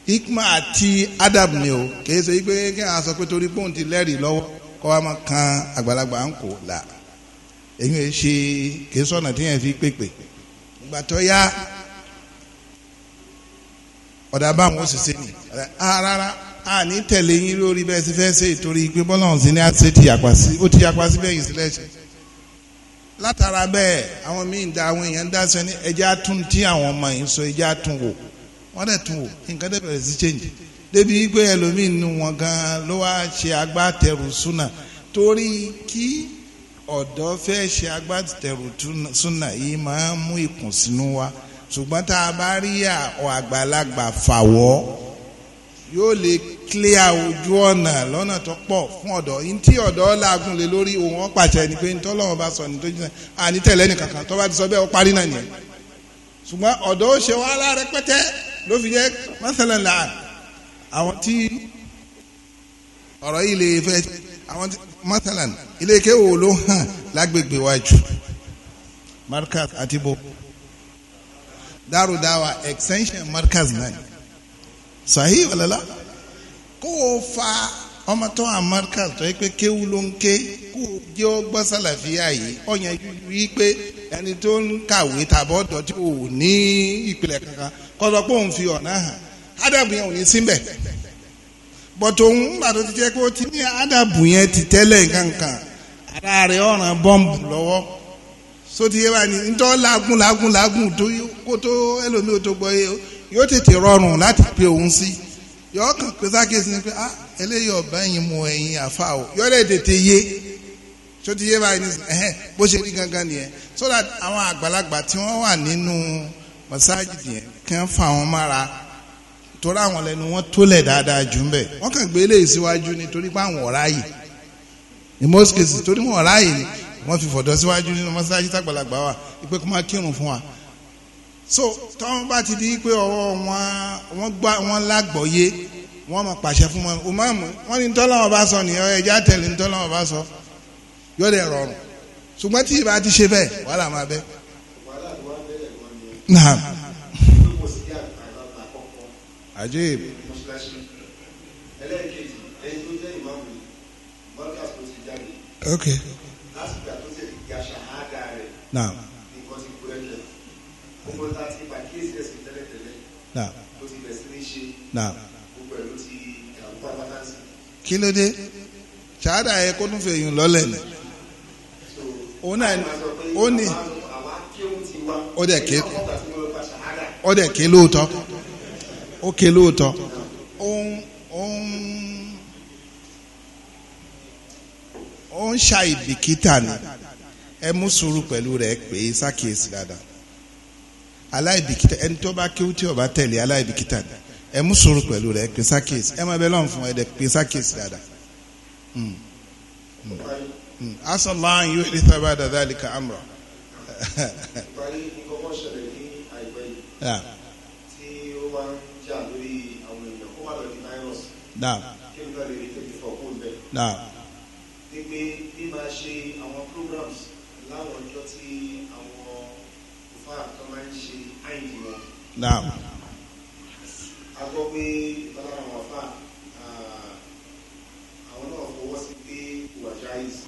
S1: hikma àti adab ni o kìí ṣe pé kí a sọ pé torí pé òun ti lẹ́rìí lọ́wọ́ kọ́ wa máa kan àgbàlagbà ń kò là èyí ò ṣe kìí sọ̀nà tí yẹn fi pèpè ìgbà tó yá ọ̀dà báwọn òṣìṣẹ́ ni rárá a ní tẹ̀lé yín lórí bẹ́ẹ̀ sí fẹ́ẹ́ ṣe ìtorí pé bọ́lá ọ̀hún sí ní àṣẹ ti yàpá sí ó ti yàpá sí bẹ́ẹ̀ sí lẹ́sẹ̀ látara bẹ́ẹ̀ àwọn míì ń da àwọn èèyàn ń dá sẹ́ni ẹjẹ́ àtúntí àwọn ọmọ yìí sọ ẹjẹ́ àtúnwò wọ́n dẹ̀ tún wò nǹkan dẹ̀ bẹ̀rẹ̀ sí change débi pé ẹlòmíín nu wọn gan ló wá ṣe agbátẹrù súnà torí kí ọ̀dọ́ fẹ́ ṣe agbátẹrù súnà yìí máa ń mú ìkùnsínú wá ṣùgbọ́n tá a bá rí àgbàlagbà fàwọ́ yóò lè clear ojú ọ̀nà lọ́nà tó pọ̀ fún ọ̀dọ́ yìí tí ọ̀dọ́ làágùn lé lórí òun ó ni pé ntọ́lọ́wọ́n bá sọ ní tó jìnnà àní tẹ̀lé nìkankan tó bá ti sọ bẹ́ẹ̀ ó parí náà nìyẹn ṣùgbọ́n ọ̀dọ́ ó ṣe wàhálà rẹpẹtẹ ló fi jẹ́ mọ́sálẹ̀ là àwọn tí ọ̀rọ̀ yìí lè fẹ́ àwọn tí mọ́sálẹ̀ ilé kéwò ló hàn lágbègbè wájú markaz àtibó darudawa extension markaz náà sàhí ìwàlẹ́lá kó o fa ọmọ tó wà markaz tó yẹ pé kéwù ló ń ké kó o jẹ́ ọgbọ́n sàlàfíà yìí ọ̀yàn yìí pé ẹni tó ń kàwé tàbọ̀dọ̀ tí ò ní ìpìlẹ̀ kankan kọ́sọ́ pé òun fi ọ̀nà hàn ádàbù yẹn ò ní síbẹ̀ bọ̀tò òun gbà tó ti jẹ́ pé ó ti ní ádàbù yẹn ti tẹ́lẹ̀ kankan ara rẹ̀ ọ̀ràn bọ́ǹbù lọ́wọ́ sóti yé báyìí ntọ́ làágùn làágùn làágùn tó kó tó ẹlòmíì tó gbọ́ yé yóò tètè rọrùn láti pe òun sí yọ kàn pé sákèsí ni pé ah eléyìí ọ̀bá yìí mú ẹ̀yin àfa o yọ tó ti yé báyìí ní ẹ̀hẹ́n bó ṣe rí gangan nìyẹn so that àwọn àgbàlagbà tí wọ́n wà nínú masajid yẹn kí wọ́n fa àwọn mára torí àwọn lẹ́nu wọn tólẹ̀ dáadáa jù ń bẹ̀ wọ́n kàn gbé eléyìí síwájú nítorí pé àwọn ọ̀rá yìí in most cases torí wọn ọ̀rá yìí wọ́n fi fọ̀dọ̀ síwájú nínú mọ́sálásí tàgbàlagbà wa ìpè kó máa kírun fún wa so tọ́wọ́n bá ti di pé ọwọ́ wọn gbá wọn lágbọ̀ọ́yé wọ́n máa pàṣẹ fún wọn umamu wọ́n ní ntọ́lọ́wọ́n bá sọ nìyẹn ẹ̀já tẹ̀lé ntọ́lọ́wọ́n bá sọ. So, yóò dẹ̀ rọrùn ṣùgbọ́n tí ìbá ti ṣe bẹ́ẹ̀ wàhálà máa bẹ́. ok. kí ló dé ṣáádà yẹ kó tún fèèyàn lọ́lẹ̀ ni òun náà ó ní ó dẹ̀ ké ó dẹ̀ ké lóòótọ́ ó ké lóòótọ́ òun òun òun ṣàìbìkítà ni ẹ mú sùúrù pẹ̀lú rẹ̀ pé sákìyèsí dáadáa aláìbìkítà ẹni tó bá kí ó tí ò bá tẹ̀lé aláìbìkítà ni ẹ mú sùúrù pẹ̀lú rẹ̀ pé sákìyèsí ẹ má bẹ lọ́n fún ẹ dẹ̀ pé sákìyèsí dáadáa. Hmm. Hmm asàlá yóò di sábà dàda àlìkà amúra. parí ìkọ́kọ́ ṣẹlẹ̀ ní àìpẹ́ yìí tí ó máa ń jà lórí àwọn èèyàn kó wà lọ ní virus kí n bá lè rí
S4: tẹ̀lé fọ́ kóun bẹ́ẹ̀. wípé bí máa ṣe àwọn programs láwọn ọjọ́ tí àwọn òfà tó máa ń ṣe àìdí wọn. a gbọ́ pé ìtọ́lára àwọn òfà
S1: àwọn náà fọwọ́ sí pé kò wà jáìsì.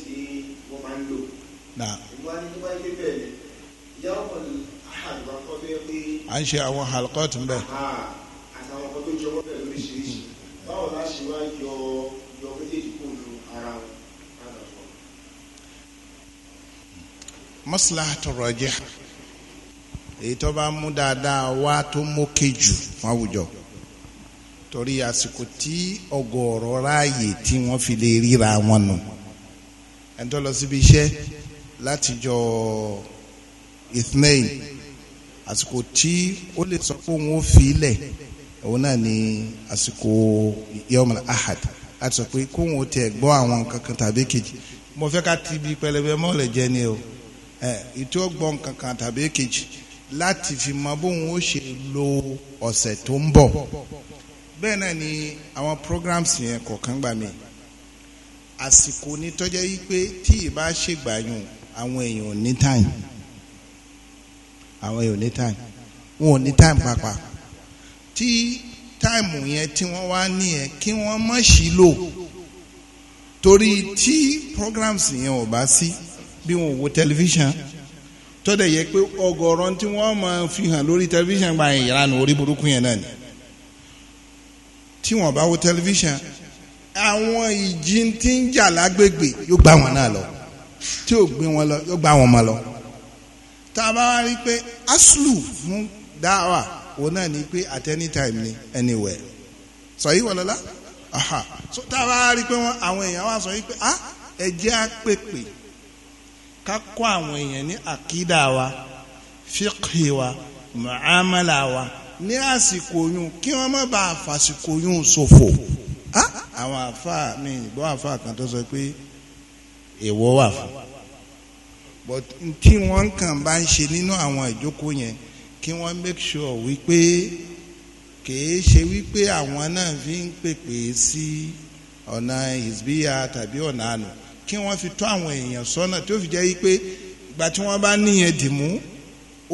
S1: à ń ṣe àwọn halkọ́t ń bẹ̀. Ah,
S3: àtàwọn ọkọ tó jọwọ́ bẹ̀ lóríṣiríṣi báwo la ṣe wá yọ yọ méjèèjì kò lu ara wọn.
S1: mọ́sálà tọrọ jẹ́ èyí tó bá mú dáadáa wá tó mókè jù fún torí àsìkò tí ọgọ́rọ̀ ráàyè tí wọ́n fi lè ríra wọn nù ẹni tó lọ síbi iṣẹ́ látijọ́ ithnain àsìkò tí ó lè sọ pé òun ó fi ilẹ̀ òun náà ni àsìkò yom ahad láti sọ pé kóun ó tiẹ̀ gbọ́ àwọn kankan tàbí kejì mo fẹ́ ká ti bi pẹlẹbẹ mọ́lẹ̀ jẹ ni o ìtí ó gbọ́ kankan tàbí kejì láti fi mọ bóun ó ṣe lo ọ̀sẹ̀ tó ń bọ̀ bẹ́ẹ̀ náà ni àwọn programs yẹn kọ̀ọ̀kan gbà mí àsìkò ni tọ́jẹ́ yí pé tí ì bá ṣègbàyàn àwọn èèyàn ò ní time àwọn èèyàn ò ní time wọn ò ní time pàápàá tí táìmù yẹn tí wọ́n wá ní yẹn kí wọ́n má ṣì lò torí tí programs yẹn ò bá sí bí wọn ò wo tẹlifíṣàn tọ́dẹ̀ yẹ pé ọgọ́rọ̀ tí wọ́n máa fi hàn lórí tẹlifíṣàn gba ìyára nù orí burúkú yẹn náà ni tí wọ́n bá wo tẹlifíṣàn àwọn ìjì tí ń jà lágbègbè yóò gbá wọn náà lọ tí ò gbé wọn lọ yóò gbá wọn mọ lọ tá a bá wá rí i pé aslu fún dáwà òun náà ni pé at any time ni anywhere sọ yìí wọlọlá aha so tá a bá rí i pé wọn àwọn èèyàn wá sọ yìí pé ah ẹ jẹ́ á pèpè ká kọ́ àwọn èèyàn ní àkídà wa fíkì wa mọ̀ámàlà wa ní àsìkò oyún kí wọ́n má bàa fàsìkò oyún ṣòfò ah, àwọn àfa mi ìgbọ́ àfa kan tó sọ pé èwo wà fún. but tí wọ́n kàn bá ń ṣe nínú àwọn ìjókòó yẹn kí wọ́n make sure wípé kìí ṣe wípé àwọn náà fi ń pèpè sí ọ̀nà ìsbíyà tàbí ọ̀nà àná kí wọ́n fi tó àwọn èèyàn sọ́nà tó fi jẹ́ wípé ìgbà tí wọ́n bá níyẹn dìmú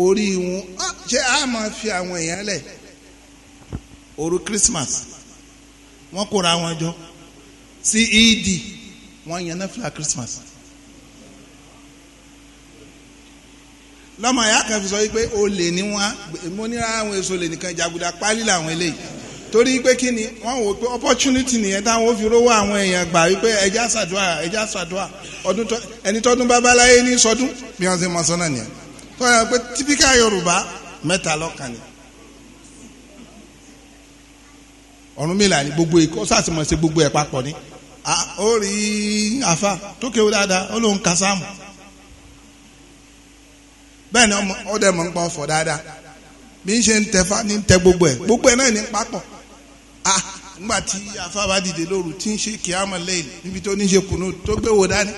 S1: orí wọn ah, ṣé a máa fi àwọn èèyàn lẹ̀ òru Christmas wọ́n kóra wọn jọ sí Eid. Si wọ́n yan náfìlà Christmas lọ́mọ ìyá kan fi sọ wípé olè ni wọ́n mo níra àwọn èso olè nìkan jàgùdà pálí làwọn eléyìí torí pé kí ni wọ́n wò pé opportunity nìyẹn táwọn ó fi rówó àwọn èèyàn gbà wípé ẹja ṣàdúrà ẹja ṣàdúrà ọdún tó ẹni tọdún babaláyé ní sọdún bí wọ́n ṣe mọ sọ́nà nìyẹn tó yẹ pé típíkà Yorùbá mẹ́ta lọ́kàn ni Ọ̀rúnmìlà ni gbogbo èkó sàtìmọ̀ ṣe gbogbo ẹ̀ papọ̀ ni. ó rí tó kéwú dáadáa ó lóun ka sáàmù bẹ́ẹ̀ ni ó dẹ̀ mọ̀ ń ọ̀fọ̀ dáadáa bí ń ṣe ń tẹ fa ní tẹ ah nígbà tí àfa bá dìde lóru tí ń ṣe kíámà lẹ́yìn níbi tó ní ṣe kùnú tó gbé wò dání.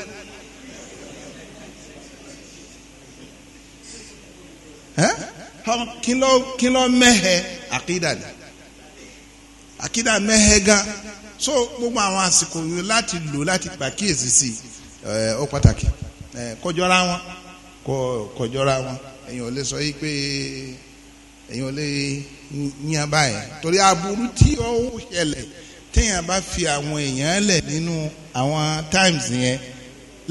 S1: kí ló mẹ́hẹ̀ àkídà ni so gbogbo àwọn àsìkò láti lò láti pàkíyèsí sí ẹ eh, ó pàtàkì ẹ eh, kọjọra wọn kọ kọjọra wọn èyàn ò lè sọ yìí pé èyàn ò lè yíyan báyìí torí aburú tí ó ṣẹlẹ̀ téèyàn bá fi àwọn èèyàn lẹ̀ nínú àwọn times yẹn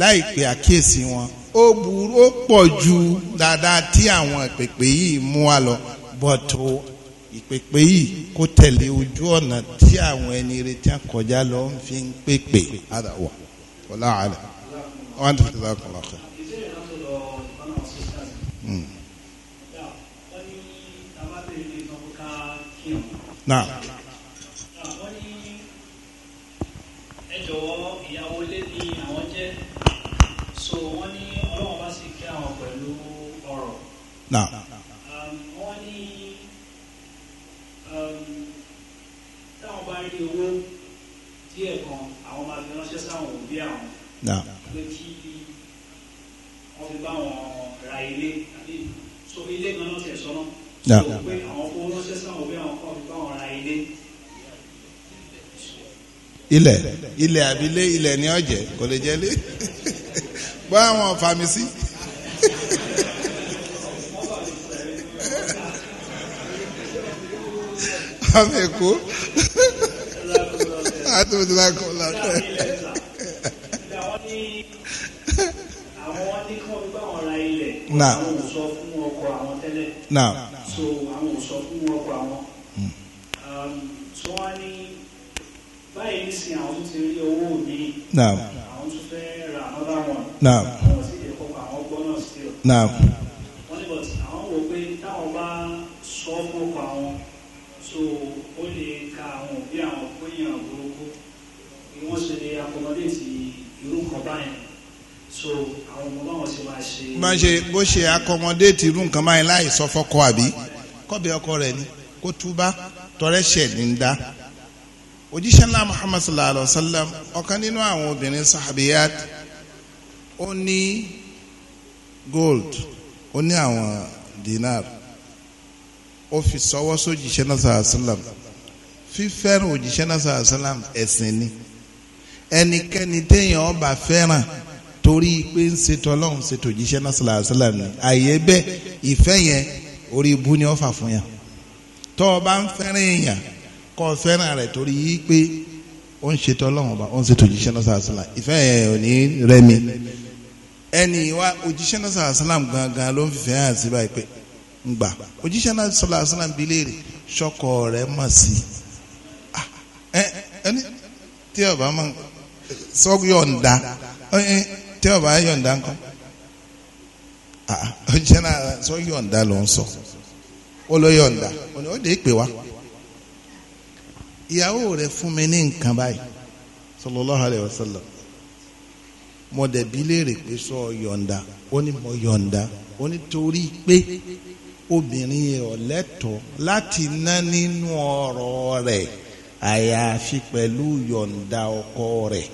S1: láì pè àkíyèsí wọn ó burú ó pọ̀ ju dáadáa tí àwọn pèpè yìí mú wa lọ bọ̀tò ìpèpè yìí kó tẹ̀lé ojú ọ̀nà tí àwọn ẹni retí àkọjá lọ ń fi ń pèpè àdàwà wọlá àlẹ wọn ti fi dákun lọkọ.
S4: náà. jọ̀wọ́
S3: rí owó díẹ̀ kan àwọn máa fi ránṣẹ́ sáwọn òbí àwọn. pé kí wọ́n fi bá wọn
S1: ra ilé àbí so ilé kan náà tẹ̀ sọ́nà. so pé àwọn kó ránṣẹ́ sáwọn òbí àwọn kan fi bá wọn ra ilé. ilẹ̀ ilẹ̀ àbílẹ̀ ilẹ̀ ni ọ̀jẹ̀ kò lè jẹ́ lé bá àwọn fàmì sí. àmì èkó. àti òtún bá kọ́ la rẹ̀.
S3: na na. so àwọn ò sọ fún ọkọ àwọn. Hmm. Um, so wọ́n ní
S4: báyìí nísìnyí àwọn tó ti rí owó mi. àwọn tó fẹ́ ra another one. àwọn sì lè kọ́ àwọn gbọ́nà sí i.
S3: akọmọdéètì irú nǹkan báyẹn so àwọn ọmọ báwọn ṣe máa ṣe. máa ṣe
S1: bó ṣe akọmọdéètì irú nǹkan báyẹn láì sọ fọkọ àbí kọbi ọkọ rẹ ni kó túbá tọrẹ ṣẹ ní ń dá òjíṣẹ́ ńlá muhammad sallallahu alayhi wa sallam ọ̀kan nínú àwọn obìnrin sahabiyat ó ní gold ó ní àwọn dinar ó fi sọwọ́ sójíṣẹ́ náà sallallahu alayhi wa sallam fífẹ́ràn òjíṣẹ́ náà sallallahu alayhi wa sallam ẹ̀sìn ni ẹnikẹ́ni téèyàn ọba fẹ́ràn torí pé ń ṣètò ọlọ́run ṣètò jíṣẹ́ náà sàlàsàlà ni àyè bẹ́ẹ̀ ìfẹ́ yẹn orí ibú ni ó fà fún yàn tọ ọba ń fẹ́ràn èèyàn torí pé ó ń ṣètò ọlọ́run ọba ó ń ṣètò náà yẹn ò ní ẹni wa náà gangan ló ń sí báyìí pé ń gbà náà mọ̀ sí ah, ẹni tí ọba sọ yọ̀ǹda tẹ́ ọba yọ̀ǹda ńkọ́ ọjọ́ ah, ah, náà sọ yọ̀ǹda ló ń sọ ó lọ yọ̀ǹda ó lè pè wá ìyàwó rẹ fún mi ní nǹkan báyìí sallallahu alayhi wa sallam mo dẹ̀bi léèrè pé sọ yọ̀ǹda ó ní mo yọ̀ǹda ó ní torí pé obìnrin yẹn ò lẹ́tọ̀ọ́ láti ná nínú ọ̀rọ̀ rẹ̀. àyàfi pẹ̀lú yọ̀ǹda ọkọ rẹ̀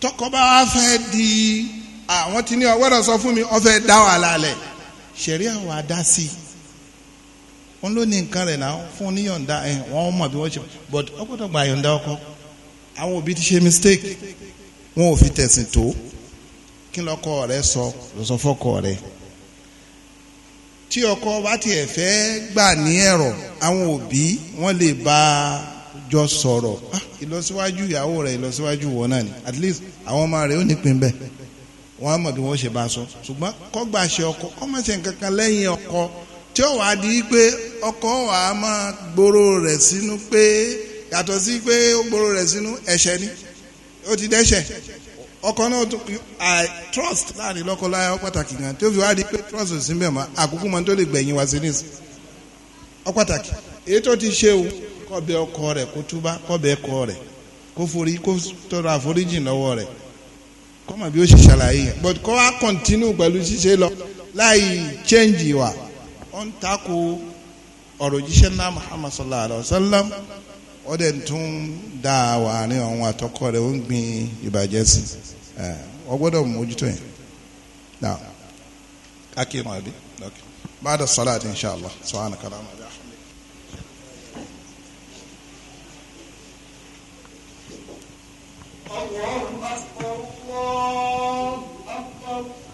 S1: tọkọ bá di àwọn tí ní ọwọ́ rẹ̀ sọ fún mi ó fẹ́ wà lálẹ́ ṣẹ̀rí àwọn adá wọn ló ní nǹkan rẹ̀ náà fún un ẹ̀ wọ́n mọ̀ bí wọ́n ṣe but gba yọ̀ǹda ọkọ àwọn òbí ti ṣe mistake wọn ò fi tẹ̀sìn tó kí lọ́kọ rẹ̀ sọ lọ́sọ So, tí ọkọ bá tiẹ̀ fẹ́ gbà ní ẹ̀rọ àwọn òbí wọ́n lè bá a jọ sọ̀rọ̀ ah, ìlọsíwájú ìyàwó rẹ̀ ìlọsíwájú wọn náà ni at least àwọn ọmọ rẹ̀ ó nípìn bẹ́ẹ̀ wọ́n á mọ̀ bí wọ́n ṣe bá a sọ ṣùgbọ́n kọ́gbà ṣe ọkọ kọ́ má ṣe nǹkan kan lẹ́yìn ọkọ tí ó wàá di pé ọkọ wàá máa gbòòrò rẹ̀ sínú pé yàtọ̀ sí pé ó gbòòrò rẹ̀ sínú ẹ̀ṣẹ̀ ni ó ti dẹ́ṣẹ̀ ọkọ náà i trust láàrin lọ́kọláya pàtàkì gan ó fi wá di pé trust sí mbẹ́ mọ́ àkókò máa tó lè gbẹ̀yìn wá sí ní ìsìn èyí tó ti ṣe o kọ́bẹ̀ ọkọ rẹ̀ kó túbá kọ́bẹ̀ ẹkọ rẹ̀ kó forí but kọ́ wa continue pẹ̀lú lọ láì change wa ọ̀rọ̀ ó dẹ̀ tún dá àwọn àárín ọ̀hún àtọkọ rẹ̀ ó ń gbin ìbàjẹ́ sí ọ gbọ́dọ̀ mójútó yẹn náà kákìrì wọn àbí ba'da salati inshallah subhanaka allahumma.
S2: allah